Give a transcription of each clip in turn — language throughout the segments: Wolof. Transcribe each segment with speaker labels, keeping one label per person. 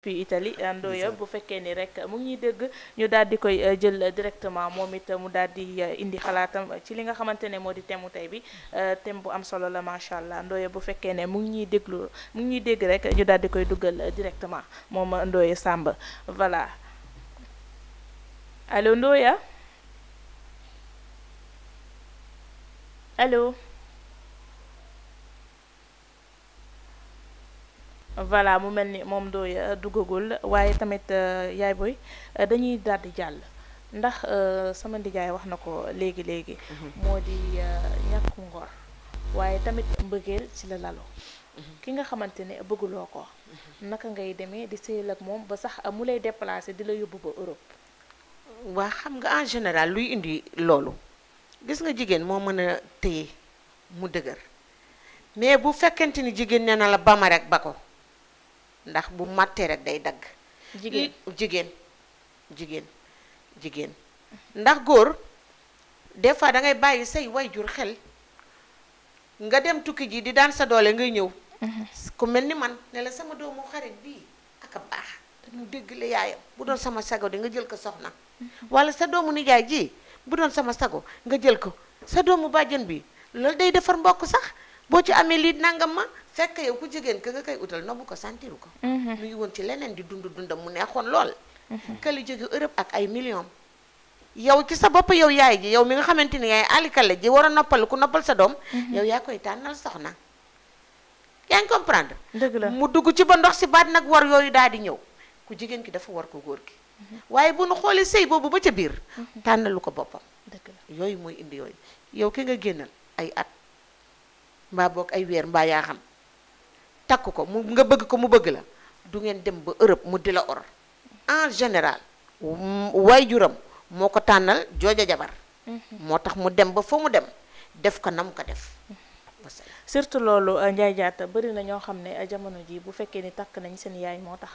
Speaker 1: depuis Italie Ndoye bu fekkee ni rek mu ngi dégg ñu daal di koy euh, jël directement moom it mu daal di euh, indi xalaatam ci li nga xamante ne moo di temu tey bi euh, thème bu am solo la macha allah Ndoye bu fekkee ne mu ngi ñuy déglu mu ngi ñuy dégg rek ñu daal di koy dugal directement moom Ndoye Samb voilà allo Ndoye allo. voilà mu mel ni moom dooy euh, duggagul waaye tamit euh, yaay booy euh, dañuy daal di jàll ndax sama ndijaay wax na ko léegi léegi. Mhm. moo di ñàkk ngor waaye tamit mbëggeel ci la lalu. Mhm. ki nga xamante ne bëgguloo ko. Mhm. naka ngay demee di sëyal ak moom ba sax mu lay déplacé di la yóbbu ko Europe.
Speaker 2: waa xam nga en général luy indi loolu gis nga jigéen moo mën a téye mu dëgër mais bu fekkente ni jigéen nee na la ba ma rek ba ko. ndax bu màttee rek day dagg. jigéen jigéen jigéen jigéen. ndax góor des fois da ngay bàyyi say way jur xel nga dem tukki ji di daan sa doole ngay ñëw. Mhm. ku mel ni man ne la sama doomu xarit bi ak a baax dañu dégg la yaayam bu doon sama sago di nga jël ko soxna. Mhm. wala sa doomu nijaay ji bu doon sama sago nga jël ko sa doomu bàjjan bi loolu day defar mbokk sax. boo ci amee lii nangam ma fekk yow ku jigéen ka nga koy utal nobbu ko santiru ko mhm. mu ngi woon ci leneen di dund dundam mu neexoon lool mhm. këli jóge Europe ak ay millions yow ci sa bopp yow yaay ji yow mi nga xamante ni yaay alikale ji war a noppal ku noppal sa doom mhm. yow yaa koy tànnal soxna yaa ngi comprendre dëgg mu dugg ci ba ndox si baat nag war yooyu daal di ñëw ku jigéen ki dafa war ko góor gi waaye bu nu xoolee sëy boobu ba ca biir tànnalu ko boppam dëgg yooyu mooy indi yow ki nga génnal ay at mbaa boog ay weer mbaa yaa xam takk ko mu nga bëgg ko mu bëgg la du ngeen dem ba Europe mu di la or en général waajuram moo ko tànnal jooja jabar mhm. moo tax mu dem ba fa mu dem def ko nam ko def mhm.
Speaker 1: surtout loolu euh, Ndiaye Diatta na ñoo xam ne euh, jamono ji bu fekkee ni takk nañ seen yaay moo tax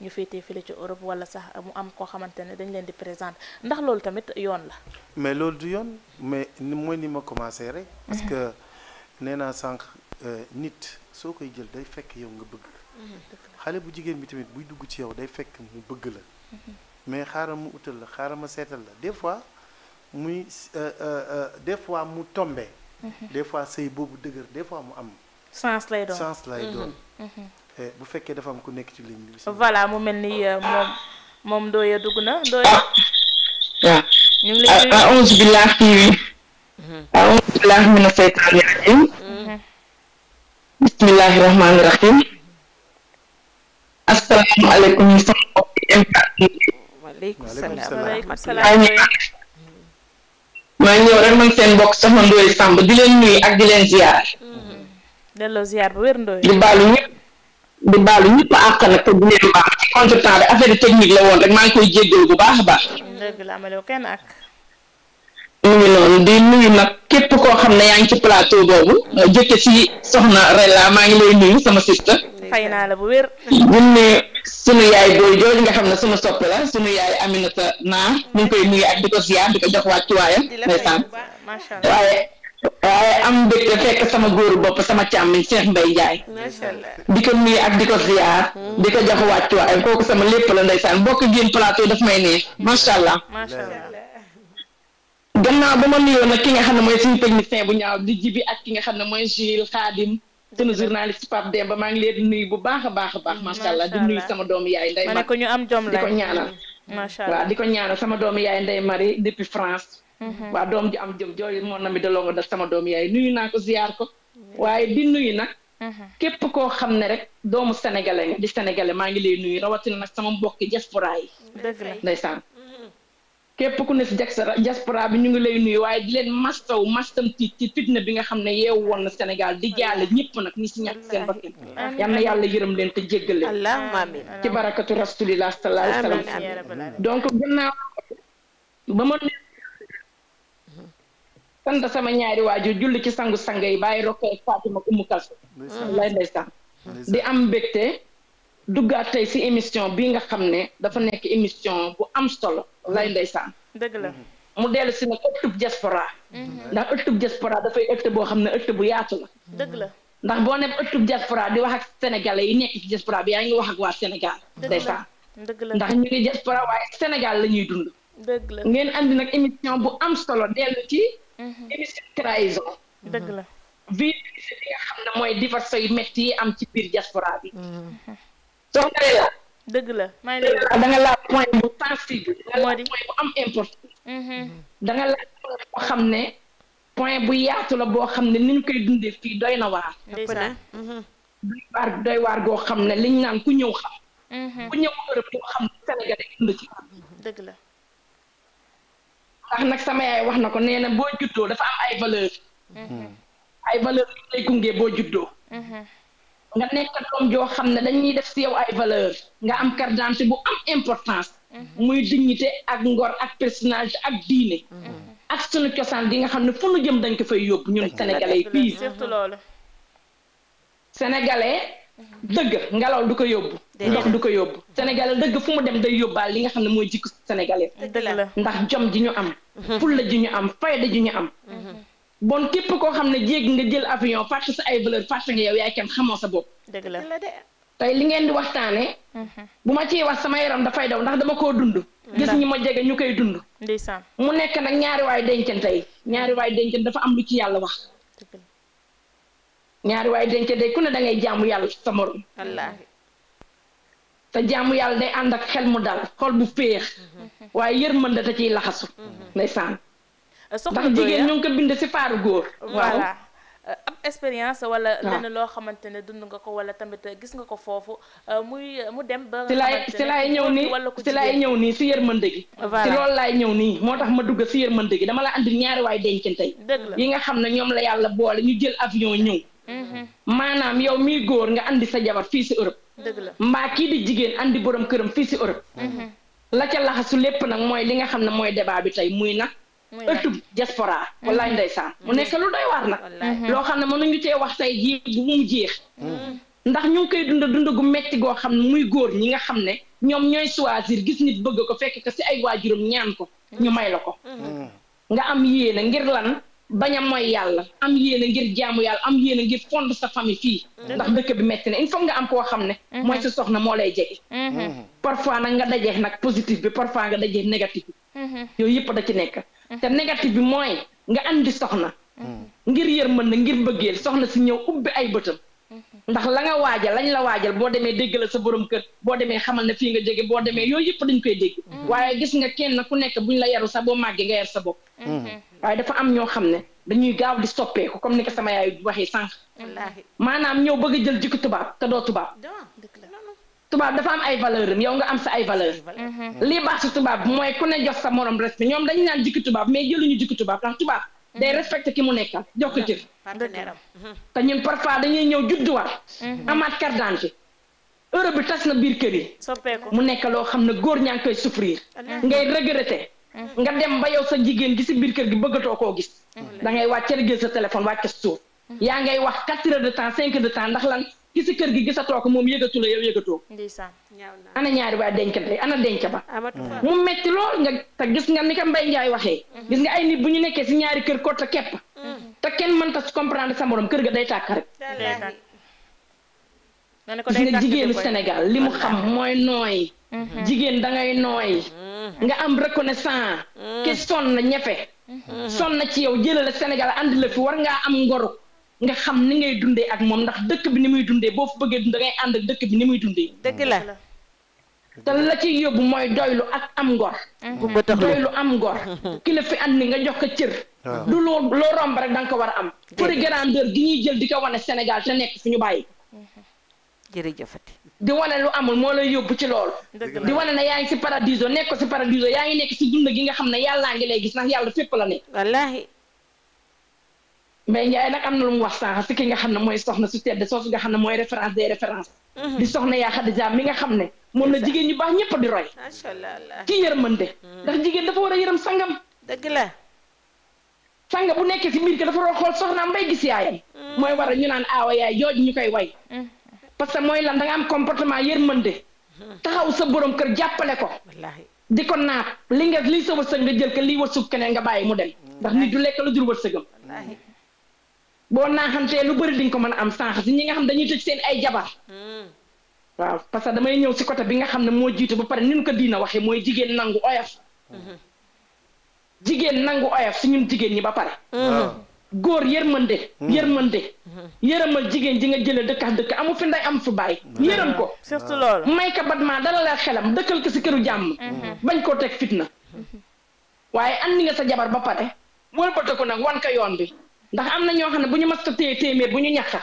Speaker 1: ñu féetee fële ci Europe wala sax mu am koo xamante ne dañ leen di présenter ndax loolu tamit yoon la mais loolu du yoon mais mooy ni ma commencé rek nee naa sànq euh, nit soo koy jël day fekk yow nga bëgg mhm, xale bu jigéen bi tamit buy dugg ci yow day fekk mu bëgg la mhm. mais xaaral mu utal la xaaral ma seetal la des fois muy euh, euh, des fois mu tombe mhm. des fois sëy boobu dëgër des fois mu am sens lay doon sens lay doon eh, bu fekkee dafa am ku nekk ci ligne bi voilà mu mel ni moom moom Ndoye dugg na Ndoye ah, ñu ngi lay ah,
Speaker 3: aawuzu billaahi mina seytaani rajiim bismillaahi rahmaani rahiim assalaamu alaykum sama mbokk di leen nuyu ak di leen ziar mm-hmm.
Speaker 1: delloo ziar bu di baalu
Speaker 3: ñëpp di baalu ñëpp ma nag te di leen baax ci contretemps de affaire technique la woon rek maa ngi koy jéggal bu baax a baax dëgg mu ngi noonu di nuyu nag képp koo xam ne yaa ngi ci plateau boobu jëkke ci soxna Rella maa ngi lay nuyu sama sister
Speaker 1: fay naa la bu wér
Speaker 3: ñun ne sunu yaay booy jooju nga xam ne sunu soppe la sunu yaay Aminata Naar ñu ngi koy nuyu ak di ko ziar di ko jox wàccuwaayam ndeysaan waaye waaye am mbégte fekk sama góoru bopp sama càmmiñ Cheikh Mbaye Ndiaye di ko nuyu ak di ko ziar di ko jox wàccuwaayam kooku sama lépp la ndeysaan bokk ngeen plateau daf may neex macha allah. gannaaw ba ma nuyoo nag ki nga xam ne mooy suñu technicien bu ñaaw di jibi ak ki nga xam ne mooy Gilles Khadim sunu journaliste Pape Demba maa ngi leen di nuyu bu baax a baax a baax macha allah di nuyu sama doomu yaay Ndeye Marie ñu am jom la
Speaker 1: di macha allah di
Speaker 3: ko ñaanal sama doomu yaay Ndeye Marie depuis France
Speaker 1: mhm. waaw doom
Speaker 3: ji am jom jooju moo na mi daloo nga def sama doom yaay nuyu naa ko ziar ko waaye di nuyu na mhm. képp koo xam ne rek doomu sénégalais nga di sénégalais maa ngi lay nuyu rawatina nag sama mbokki diaspora yi ndeysaan képp ku ne si diaspora bi ñu ngi lay nuyu waaye di leen mastaw mastam ci ci fitna bi nga xam ne yeew woon na Sénégal di jaale ñëpp nag ñi si ñàkk seen bakkan yal na yàlla yërëm leen te jéggal leen ci barakatu rasulillah sallallahu alayhi wa sallam donc naa ba ma sant sama ñaari waajur julli ci sangu sang yi bàyyi rokkee Fatima Umu Kalsum lay ndeysaan di am mbégte duggaat tey si émission bi nga xam ne dafa nekk émission bu am solo lay ndeysaan dëgg la mu dellu si nag ëttub diaspora mhm. ndax ëttub diaspora dafay ëtt boo xam ne ëtt bu yaatu la dëgg la ndax boo nekk ëttub diaspora di wax ak sénégalais yi nekk ci yaa ngi wax ak waa sénégal ndeysaan
Speaker 1: dëgg la ndax ñu ngi diaspora
Speaker 3: sénégal la ñuy dund
Speaker 1: dëgg la ngeen
Speaker 3: andi nag émission bu am solo dellu ci mhm. émission trahison dëgg la vie bi nga xam ne mooy divorce yu métti yi am ci biir diaspora bi mhm. soxna Leila. dëgg la may lay da point bu sensible. da nga laaj point bu am importance. da nga boo xam ne point bu yaatu la boo xam ne ni ñu koy dundee fii doy na mm-hmm. waar. doy waar goo xam ne liñ naan ku ñëw xam. Mm-hmm. ku ñëw Europe yoo xam ne Sénégal day dund ci. dëgg la. ndax nag sama yaay wax na ko nee na boo juddoo dafa am ay valeur mm-hmm. ay valeur yu lay gunge boo juddoo. nga nekk doom joo xam ne dañuy def si yow ay valeur nga am carte d'identité bu am importance mhm. muy dignité ak ngor ak personnalité ak diine mhm. ak sunu cosaan di nga xam ne fu nu jëm dañ ko fay yóbbu ñun sénégalais yi fii surtout loolu sénégalais mhm. dëgg ngelaw du ko yóbbu ndox du ko yóbbu sénégalais dëgg fu mu dem day yóbbaal li nga xam ne mooy jikko sénégalais ndax jom ji ñu am fulla ji ñu am fayda ji ñu am bon képp koo xam ne jéeg nga jël avion fàtte sa ay valeur fàtte nga yow yaay kenn xamoo sa bopp. dëgg la tey li ngeen di waxtaanee. Mhm. bu ma ciy wax sama yaram dafay daw ndax dama koo dund. gis ñi ma jege ñu koy dund. ndeysaan mu nekk nag ñaari waay dencante yi ñaari waay dencante dafa am lu ci yàlla wax. ñaari waay dencante ku ne dangay ngay jaamu yàlla sa morom. te jaamu yàlla day ànd ak xel mu dal xol bu féex. Mhm. waaye yërmande te ciy laxasu. Mhm. ndeysaan soxna ndax jigéen ñu ngi ko bind si faaru góor. voilà euh, ab expérience wala.
Speaker 1: Ah. loo xamante ne dund nga ko wala tamit euh, gis nga ko foofu euh, muy mu dem ba. si laay si laay ñëw nii si laay ñëw
Speaker 3: nii si yërmande gi. voilà si loolu laay ñëw nii moo tax ma dugg si yërmande gi dama la andi ñaari waay dencante yi. la yi nga xam ne ñoom la yàlla boole ñu jël avion ñëw. Mm-hmm. maanaam yow mii góor nga indi sa jabar fii si Europe. dëgg la mbaa kii di jigéen indi borom këram fii si Europe. Mm-hmm. la ca laxasu lépp nag mooy li nga xam ne mooy débat bi tey muy nag ëttub diaspora mm-hmm. wallaay ndeysaan mu nekk lu doy waar nag
Speaker 1: mm-hmm. loo xam ne
Speaker 3: mënuñu cee wax say jii bu mu jeex mm-hmm. ndax ñu ngi koy dunda dunda gu metti goo xam ne muy góor ñi nga xam ne ñoom ñooy choisir gis nit bëgg ko fekk ko si ay waajuram ñaan ko ñu may la ko nga am yéene ngir lan bañ a mooy yàlla am yéene ngir jaamu yàlla am yéene ngir fond sa famille fii ndax dëkk bi metti na il faut nga am koo xam ne mooy sa soxna moo lay jege parfois nag nga dajee nag positif bi parfois nga dajee négatif bi yooyu yëpp da ci nekk te négatif bi mooy nga am andi soxna. Mm-hmm. ngir na ngir bëggeel soxna si ñëw ubbi ay bëtam. Mm-hmm. ndax la nga waajal lañ la waajal boo demee dégg la sa borom kër boo demee xamal ne fii nga jege boo demee yooyu yëpp dañ koy dégg. Mm-hmm. waaye gis nga kenn ku nekk buñ la yaru sax boo màggee nga yar sa bopp. waaye dafa am ñoo xam ne dañuy gaaw di soppeeku comme ni ko sama yaay waxee sànq. maanaam ñëw bëgg a jël jikko tubaab te doo tubaab. tubaab dafa am ay valeur am yow nga am sa ay valeur
Speaker 2: mhm. lii baax ci tubaab mooy ku ne jox
Speaker 3: sa morom respect ñoom dañu naan jikki tubaab mais jëluñu jikki tubaab ndax tubaab mhm. ki mu nekkal jox ko cër mhm. dañuy ñëw judduwaat amaat carte d'identité Europe bi tas na biir kër yi mu nekk loo xam ne góor ñaa ngi koy souffrir ngay regretter nga dem ba yow sa jigéen gi si biir kër gi bëggatoo koo gis da ngay wàcc rek jël sa téléphone wàcc suuf yaa ngay wax quatre heures de temps cinq de temps ki si kër gi a ko moom yëgatu la yow yëgatoo ana ñaari waa denc ba ana denc ba mu metti lool nga te gis nga ni ko Mbaye Ndiaye waxee mm-hmm. gis nga ay nit bu ñu nekkee si ñaari kër ko te kepp mm-hmm. te kenn mënta comprendre sa morom kër ga day takk rek
Speaker 1: gis nga jigéenu Sénégal li mu xam mooy nooy
Speaker 3: mm-hmm. jigéen dangay nooy nga am reconnaissant ki sonn na ñefe sonn na ci yow jëlale Sénégal andi la fi war ngaa am ngoru nga xam ni ngay dundee ak moom ndax dëkk bi ni muy dundee boo fa bëggee dund ngay ànd ak dëkk bi ni muy dundee. dëgg la. te la ci yóbbu mooy doylu ak am ngor.
Speaker 2: Mhm. doylu
Speaker 3: am ngor. ki la fi ni nga jox ko cër. du loo loo romb rek da ko war a am. pour grandeur gi ñuy jël di ko wane Sénégal te nekk fi ñu bàyyi. jërëjëfati di wane lu amul moo lay yóbbu ci loolu. di wane na yaa ngi si paradiso nekk ko si paradiso yaa ngi nekk si dund gi nga xam ne yàllaa ngi lay gis ndax yàlla fépp la Mbaye Ndiaye nag am na lu mu wax sànq si ki nga xam ne mooy soxna su tedd soosu nga xam ne mooy référence des références. Mhm. di soxna yaa Xadija mi nga xam ne. moom la jigéen ñu baax ñëpp di roy.
Speaker 1: macha allah
Speaker 3: ci yërmande. Mhm. ndax jigéen dafa war a yërëm sangam. dëgg la. sang bu nekkee si biir ke dafa war xool soxnaam bay gis yaayam. Mhm. mooy war a ñu naan aawa yaay jooju ñu koy way. parce que mooy lan da nga am comportement yërmande. taxaw sa borom kër jàppale ko. wallaahi di ko naat li nga li sa wërsëg nga jël ko lii wërsëg keneen nga bàyyi mu dem. ndax nit du lekk lu jur wërsëgam. boo naaxantee lu bëri di ko mën a am sànq ñi nga xam dañuy tëj seen ay jabar. Hmm. waaw parce que damay ñëw si côté bi nga xam ne moo jiitu ba pare ni ñu ko diina waxee mooy jigéen nangu oyof. Hmm. jigéen nangu oyof si ñun jigéen ñi ba pare. Hmm. góor yërmande yërmande yërëmal jigéen ji nga jëlee dëkk dëkk amu fi nday am fi bàyyi yërëm ko surtout loolu may ko Batman dalal a xelam dëkkal ko si këru jàmm bañ koo teg fitna waaye andi nga sa jabar ba pare wëlbatiku nag wan yoon bi ndax am na ñoo xam ne bu ñu mas a téye téeméer bu ñu ñàkk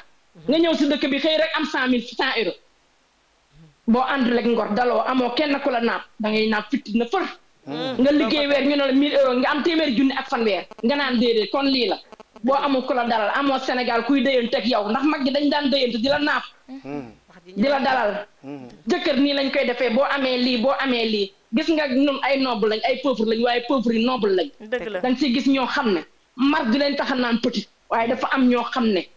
Speaker 3: nga ñëw si dëkk bi xëy rek am cent mille cent euros boo àndul ak ngor daloo amoo kenn ku la naab da ngay naab fitti na hmm. nga liggéey weer ñu ne la am téeméer junni ak fanweer nga naan déedéet kon lii la boo amul ku la dalal amoo Sénégal kuy déyante ak yow ndax mag gi dañ daan déyante di la naab. Hmm. di la dalal. Hmm. jëkkër nii lañ koy defee boo amee lii boo amee lii gis nga ñun ay noble lañ ay pauvre lañ waaye pauvre yi noble lañ. dëgg la dañ siy gis ñoo xam ne. mar di leen tax a naan petit waaye dafa am ñoo xam ne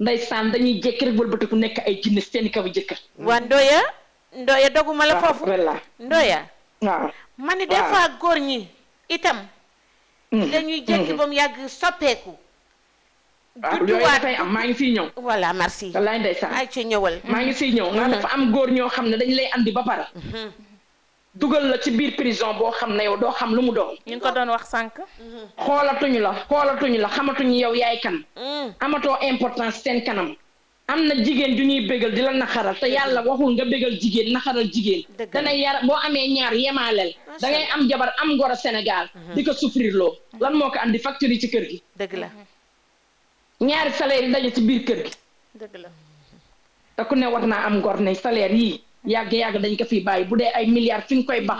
Speaker 3: ndeysaan dañuy jékki rek wëlbatiku nekk ay jinne seen kaw jëkkër. Mm. waa Ndoya. Ndoya doguma la foofu Ndoya. waaw
Speaker 2: ma ne des góor ñi itam. Mm. dañuy
Speaker 3: jékki mm. ba mu yàgg soppeeku. Ah, waaw yooyu dafay am maa ngi siy ñëw. voilà merci. wallaay ndeysaan ay ci ñëwal. maa ngi siy ñëw mm-hmm. nga dafa am góor ñoo xam ne dañ lay andi ba pare. Mm-hmm. dugal la ci biir prison boo xam ne yow doo xam lu mu doon. ñu ngi ko doon wax sànq. xoolatuñu la xoolatuñu la xamatuñu yow yaay kan. Mm. amatoo importance seen kanam. am na jigéen ju ñuy bégal di la naxaral te yàlla waxul nga bégal jigéen naxaral jigéen. dana yar boo amee ñaar yemaaleel. da am jabar am ngoro Sénégal. Mm-hmm. di ko souffrir loo. Mm-hmm. lan moo ko andi facture yi ci kër gi. dëgg la mm-hmm. ñaari salaire yi daje ci biir kër gi. dëgg la te ku ne war naa am ngor ne salaire yii. yàgg-yàgg dañ ko fi bàyyi bu dee ay milliards fi nga koy bax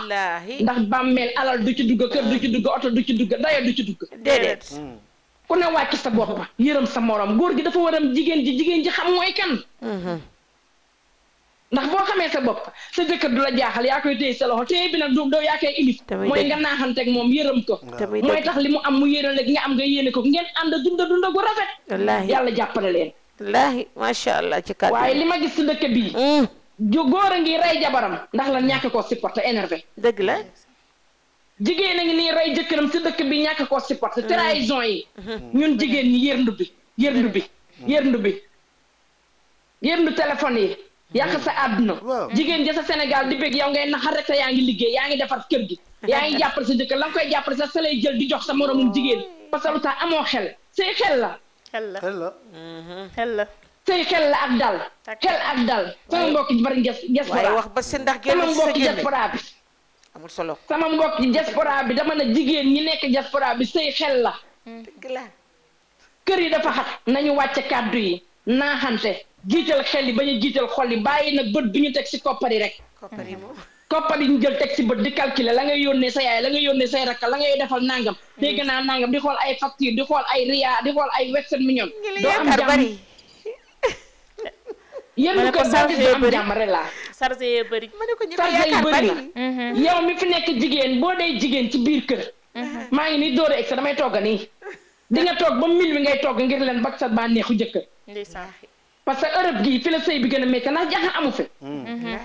Speaker 3: ndax bàmmeel alal du ci dugg kër du ci dugg oto du ci dugg daya du ci dugg déedéet mm. ku ne wàcc sa bopp yërëm sa morom góor gi dafa waram jigéen ji jigéen ji xam mooy kan mm-hmm. ndax boo xamee sa bopp sa jëkkër du la jaaxal yaa koy téye sa loxo téye bi nag du doo yaa koy ilif mooy nga naaxanteeg moom yërëm ko mooy tax li mu am mu yéene la nga am nga yéene ko ngeen ànd dunda dunda gu rafet wallaahi yàlla jàppale leen wallaahi
Speaker 2: macha ci kàddu waaye li
Speaker 3: ma gis dëkk bii mm. góor a ngi rey jabaram ndax la ñàkk koo supporté énervé. dëgg la. jigéen a ngi nii rey jëkkëram si dëkk bi ñàkk koo supporté mm. trahison yi. Mm-hmm. ñun jigéen ñi yërndu bi yërndu bi mm-hmm. yërndu bi yërndu téléphone yi. Mm-hmm. yàq sa àdduna. jigéen ja sa Sénégal di bëgg yow ngay naxar rek sa yaa ngi liggéey yaa ngi defar kër gi. yaa ngi jàppale sa jëkkër la nga koy jàppale sa sa lay jël di jox sa moromum jigéen mm. parce que lu tax amoo xel say xel la. xel la xel la. say xel la ak dal. xel ak dal sama mbokki bari diaspora. waaye wax ba ndax génn sama mbokki diaspora bi. amul solo sama mbokki diaspora bi dama ne jigéen ñi nekk diaspora bi say xel la. Hmm. dëgg kër yi dafa xat nañu wàcce kàddu yi naaxante jiital xel yi ba ñu jiital xol yi bàyyi nag bët bi ñu teg ci koppar yi rek. koppar yi moom. koppar yi ñu jël teg si bët di calculer la ngay yónnee sa yaay la ngay yónnee say rakk la ngay defal nangam. Hmm. dégg naa nangam di xool ay facture di xool ay ria di xool ay western union. doo am jàmm
Speaker 1: yéen ñu ko sarse yu
Speaker 3: bëri sarse ma ne ko ñu ko yaakaar bëri
Speaker 1: mhm. yow nekk jigéen
Speaker 3: boo dee jigéen ci biir kër mhm. maa ngi nii dóore egsa damay togg nii di nga toog ba mil wi ngay togg ngir leen bag sa bànneexu jëkkër parce que Europe gii fi la sëy bi gën a métti ndax jaxa amu fi mhm.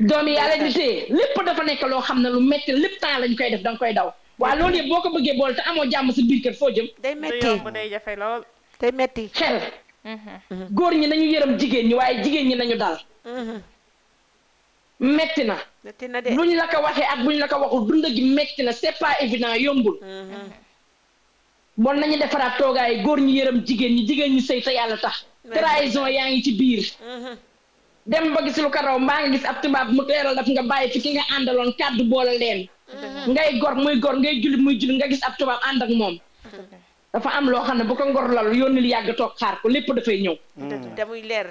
Speaker 3: doom yi yàlla di téye lépp dafa nekk loo xam ne lu métti lépp temps lañ koy def danga koy daw waaw loolu yëpp boo ko bëggee bool te amoo jàmm si biir kër foo jëm day metti xel góor ñi nañu yërëm jigéen ñi waaye jigéen ñi nañu dal metti na buñ la ko waxee ak buñ la ko waxul dund gi metti na c'est pas évident yombul bon nañu defaraat toogaay góor ñi yërëm jigéen ñi jigéen ñi sëy te yàlla tax trahison yaa ngi ci biir dem ba gis lu ko raw mbaa nga gis ab tubaab mu teeral daf nga bàyyi fi ki nga àndaloon kàddu boole leen ngay gor muy gor ngay jullit muy jullit nga gis ab tubaab ànd ak moom dafa am loo xam ne bu ko ngor lal yónnil yàgg toog xaar ko lépp dafay ñëw.
Speaker 2: te muy leer.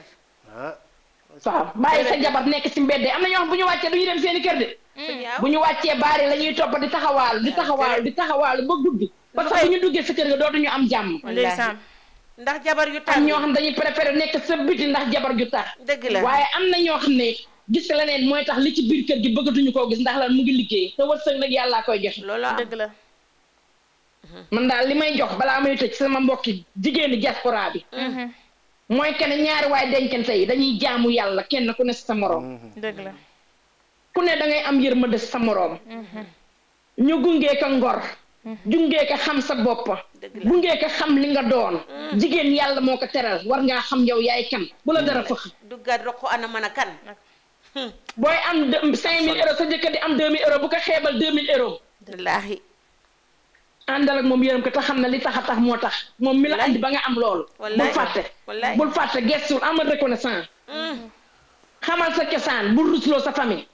Speaker 2: Ah.
Speaker 3: waaw bàyyi sa jabar nekk si mbedd am na ñoo xam bu ñu wàccee du ñu dem seeni kër de.
Speaker 2: Mm. bu ñu wàccee baari la
Speaker 3: ñuy topp di taxawaal di taxawaal di taxawaal ba guddi. parce que ñu duggee sa kër dootuñu am jàmm. ndax jabar yu tar am ñoo xam dañuy préféré nekk sa biti ndax jabar ju tar. dëgg la waaye am na ñoo xam ne gis neen mooy tax li ci biir kër gi bëggatuñu koo gis ndax la mu ngi liggéey. te wërsëg nag yàllaa koy joxe. loolu dëgg la man daal li may jox balaa may tëj sama mbokki jigéenu diaspora bi. Mhm. mooy que ne ñaari waay dencante yi dañuy jaamu yàlla kenn ku ne sa moroom. Mhm. dëgg la ku ne da ngay am yërmande sa moroom. Mhm. ñu gungee ko ngor. jungee ko xam sa bopp. gungee ko xam li nga doon. jigéen yàlla moo ko teral war ngaa xam yow yaay kan bu la dara fëx. du gàddu ko ana mën a kan. Hmm. booy am cinq mille euros sa jëkkër di am deux mille euros bu ko xeebal deux mille euros. wallaahi. àndal moom yërëm ko te xam ne li tax a tax moo tax moom mi la andi ba nga am loolu. bul fàtte bul fàtte gestul amal reconnaissance. Mm. xamal sa cosaan bul rusloo sa famille.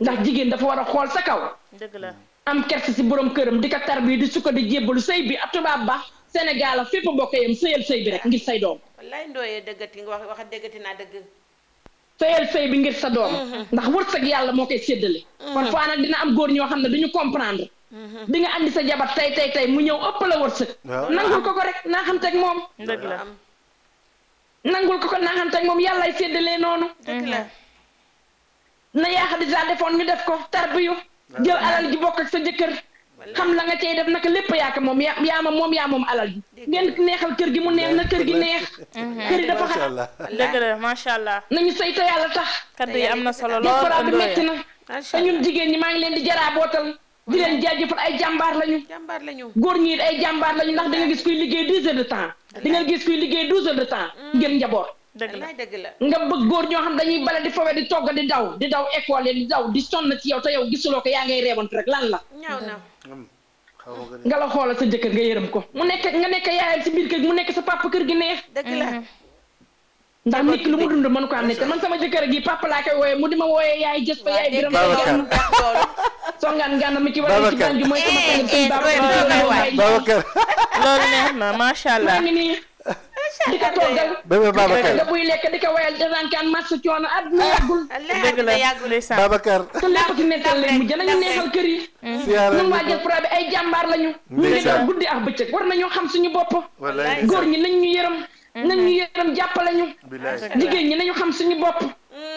Speaker 3: ndax jigéen dafa war a xool sa kaw. dëgg la am kersi si borom këram di ko bii di sukka di jébbalu sëy bi ab tubaab ba Sénégal a fépp mbokk yam sëyal sëy bi rek ngir say doom.
Speaker 2: wallaay ndooyee dëggati nga wax wax naa dëgg.
Speaker 3: sëyal sëy bi ngir sa doom. Mm-hmm. ndax wërsëg yàlla moo koy séddale. Mm-hmm. parfois nag dina am góor ñoo xam ne duñu comprendre. Mm-hmm. di nga andi sa jabar tey tey tey mu ñëw ëpp la wërsëg. nangul ko ko rek naa xam teg moom. dëgg la nangul ko ko naa xam moom yàllaay séddalee noonu. dëgg la mm-hmm. na yaa xam ne defoon ñu def ko tarbiyu jël alal ji bokk ak sa jëkkër. xam la nga cay def naka lépp yaaka moom ya yaa ma moom yaa moom alal ji. ngeen neexal kër gi mu neex na kër gi neex.
Speaker 2: Mm-hmm. kër yi dafa
Speaker 1: xat dëgg la macha allah.
Speaker 3: nañu sayta yàlla tax. kaddu yi am na solo lool ëndooyee
Speaker 1: diaspora bi métti na.
Speaker 3: te ñun jigéen ñi maa ngi leen di jarabootal di leen jaajëfal ay jàmbaar lañu. jàmbaar lañu góor ñi ay jàmbaar lañu ndax da nga gis kuy liggéey dix heures de temps. da nga gis kuy liggéey douze heures de temps. Mm. ngir njaboot.
Speaker 2: dëgg la la
Speaker 3: nga bëgg góor ñoo xam dañuy bale di fowe di togg di daw di daw école di daw di sonn ci yow te yow gisuloo ko yaa ngay reewantu rek lan la. ñaaw na mm. nga la xoolal sa jëkkër nga yërëm ko mu nekk nga nekk yaayam si biir kër mu nekk sa papa kër gi neex. dëgg la mm-hmm. ndax nit lu mu dund mënu ko am ne te man sama jëkkër gi papa laa koy wooyee mu di ma wooyee yaay jës ba yaay songaan gànn mi ci wàllu ci gànn ju mooy sama eh, tànk sëñ eh, Babacar loolu neex na macha allah di ko toogal bébé Babacar da buy lekk di ko wayal da daan kan mas coono ah, àdduna la neexal kër yi ñun mm. waa ay jàmbaar lañu ñu ngi doon guddi ak bëccëg war mm-hmm. nañu xam suñu bopp góor ñi nañ ñu yërëm nañ ñu yërëm jàppale
Speaker 1: ñu
Speaker 3: nañu xam suñu bopp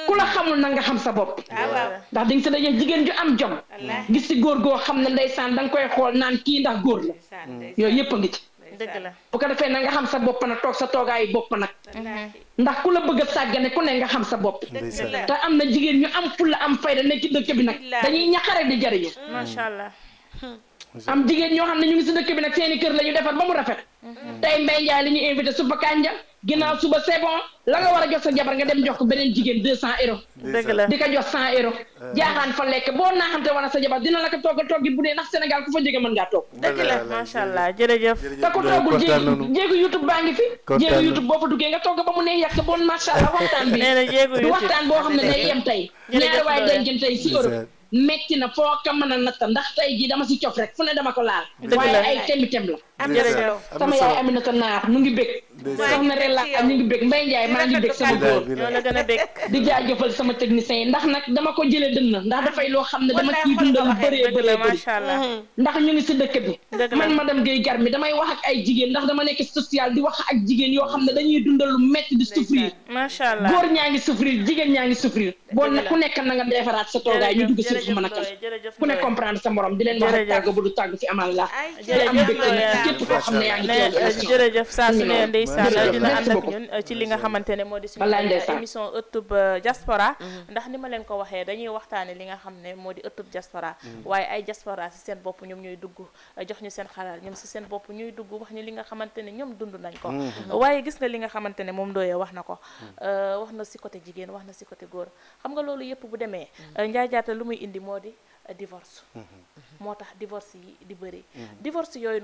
Speaker 3: ku la xamul na nga xam sa bopp. Ah, ndax di nga si daje jigéen ju am jom. gis si góor goo xam ne ndeysaan da nga koy xool naan kii ndax góor la. yooyu yëpp a ngi ci. dëgg la bu ko defee na nga xam sa bopp nag toog sa toogaayu bopp nag. ndax ku la bëgg sàggane ku ne nga xam sa bopp. te am na jigéen ñu am fulla am fayda ne ci dëkk bi nag. dañuy ñaqare di jariñu. macha allah. Hmm. am jigéen ñoo xam ne ñu ngi si dëkk bi nag seeni kër la ñu defar ba mu rafet. Mhm. tey Mbaye Ndiaye la ñuy invité suba kanja ginnaaw mhm. suba c'est la nga war a jox sa jabar nga dem jox ko beneen jigéen deux cent euros. jox cent euh. fa lekk boo naaxante woon sa jabar dina la ko togg togg bu dee ndax Sénégal ku toog. dëgg la macha allah jërëjëf. te ku toggul jéegu jéegu YouTube baa ngi fi. jéegu YouTube boo fa duggee nga togg ba mu ne yàq bon macha allah waxtaan bi. nee na jéegu YouTube waxtaan boo xam ne day yem tey. ñaari waay dencin tey si Europe metti na foo ko na a ndax tey jii dama si cof rek fu ne dama ko laal. waaye ay tembi tem la. am na sama yaay Aminata Naar mu ngi bëgg. soxna Rella ñu ngi bég Mbaye Ndiaye maa ngi bég sama góor di jaajëfal sama technicien yi loo xam ne dama ciy dundal bëree bëree bëri mm-hmm. ñu ngi si dëkk bi man madame Guèye gar damay wax ak ay jigéen ndax dama nekk social di wax ak jigéen yoo xam ne dañuy dundal lu metti di souffrir góor ñaa ngi souffrir jigéen ñaa ngi souffrir bon nag ku nekk na nga defaraat sa toogaay ñu dugg si fu mën a kas ku ne comprendre sa morom di leen wax ak tàgg bu du tàgg fi amal la di am bég nag képp koo xam ne yaa ngi ndeysaan dina ànd ak ñun ci li nga xamante ne moo di suñu émission
Speaker 1: ëttub euh, diaspora mhm. ndax ni ma leen ko waxee dañuy waxtaane li nga xam ne moo di ëttub diaspora mhm. waaye ay diaspora si seen bopp ñoom ñooy dugg euh, jox ñu seen xalaat ñoom si seen bopp ñuy dugg wax ñu li nga xamante ne ñoom dund nañ ko mhm. waaye gis nga li nga xamante ne moom dooyee wax na ko euh, wax na si côté jigéen wax na si côté góor xam nga loolu yëpp bu demee njaajaata
Speaker 2: lu muy indi moo di divorce moo tax divorce yi di bëri divorce yooyu